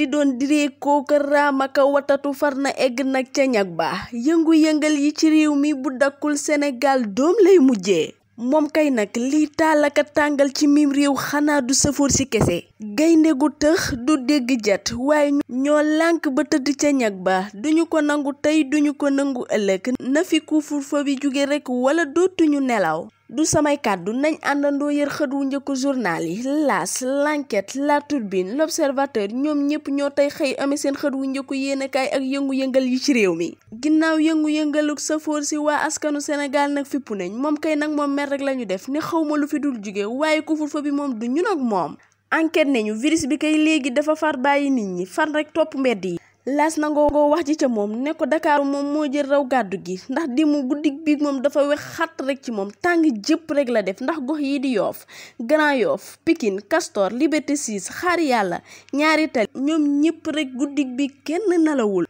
di doon direekoo karaamaka watatu far na egg nag ca ñag ba yëngu-yëngal yi ci réew mi bu dakkul senegal doom lay mujjee moom kay nag liy taalaka tàngal ci miir réew xanaa du safoor si kese gaynde gu tëx du dégg jat waaye ñoo lànk ba tëdd ca ñag ba duñu ko nangu tey duñu ko nangu ëllëg na fi kuufur fa bi jóge rekk wala dootuñu nelaw du samay kàddu nañ àndandoo yër xët wu njëkku journal yi L'As L'Enquête La Tribune L'Observateur ñoom ñëpp ñoo tey xëy amee seen xët wu njëkku yéenekaay ak yëngu-yëngal yi ci réew mi ginnaaw yëngu-yëngaluk safoor si waa askanu Sénégal nag fippu nañ moom kay nag moom mer rek la ñu def ne xawma lu fi dul jóge waaye ku fur fa bi moom du ñun ak moom enquête nañu virus bi kay léegi dafa far bàyyi nit ñi fan rek topp mbedd yi laas na wax ji ca moom ne ko Dakar moom moo jël raw gàddu gi ndax di mu guddig biig moom dafa wex xat rek ci moom tàng jëpp rek la def ndax gox yi di yoof Grand yoof pikin Castor Liberté 6 xaar yàlla ñaari tali ñoom ñëpp rek guddi bi kenn nalawul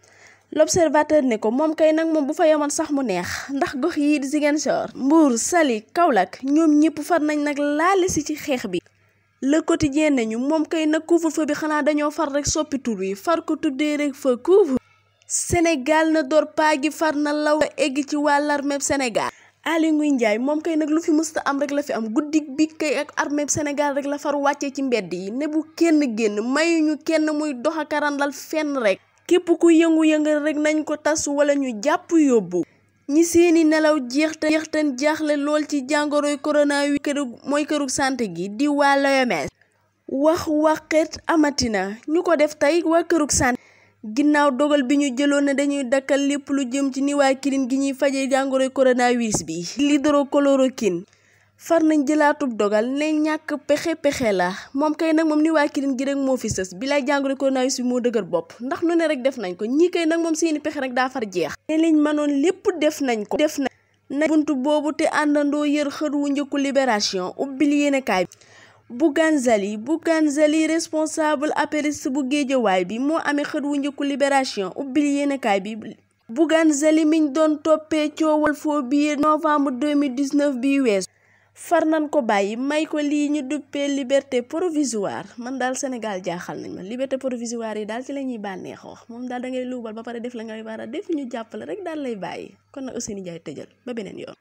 l'observateur ne ko moom kay nag moom bu fa yemoon sax mu neex ndax gox yi di Ziguinchor Mbour Saly Kaolack ñoom ñëpp far nañ nag laale si ci xeex bi le quotidien nañu moom kay nag couvre-feu bi xanaa dañoo far rek soppi tur yi far ko tuddee rek fa couvre Sénégal na door paa gi far na law egg ci waa l'armée Sénégal Aly Ngouille Ndiaye moom kay nag lu fi musta am rek la fi am guddi bi kay ak armée Sénégal rek la far wàccee ci mbedd yi ne bu kenn génn mayuñu kenn muy dox a karandal fenn rek képp ku yëngu-yëngal rek nañu ko tas wala ñu jàpp yóbbu ñi seeni nelaw jeextan jeextan jaaxle lool ci jàngoro coronavirus këru mooy këru santé gi di waa l'OMS wax waxet amatina ñu ko def tey waa kërug santé ginnaaw dogal bi ñu jëloon ne dañuy dakkal lépp lu jëm ci niwaa kirin gi ñuy faje jàngoroy coronavirus bi li hydroxychloroquine far nañ jëlaatub dogal ne ñàkk pexe pexe la moom kay nag moom ni waa Kilin gi rek moo fi sës bi lay ko coronavirus bi moo dëgër bopp ndax nu ne rek def nañ ko ñii kay nag moom seeni pexe rek daa far jeex ne liñ mënoon lépp def nañ ko def nañ na buntu boobu te àndandoo yër xër wu njëkku libération li yéenekaay bi Bougane Zali Bougane Zali responsable apériste bu géejawaay bi moo amee xër wu njëkku libération ubbil yéenekaay bi Bougane Zali miñ doon toppee coowal foo biir novembre 2019 bi weesu far nañ ko bàyyi may ko lii ñu duppee liberté provisoire man daal Sénégal jaaxal nañ ma liberté provisoire yi daal ci la ñuy bànneex wax moom daal da ngay luubal ba pare def la ngay war a def ñu jàppale rek daal lay bàyyi kon na Ousseynou Ndiaye tëjal ba beneen yoon.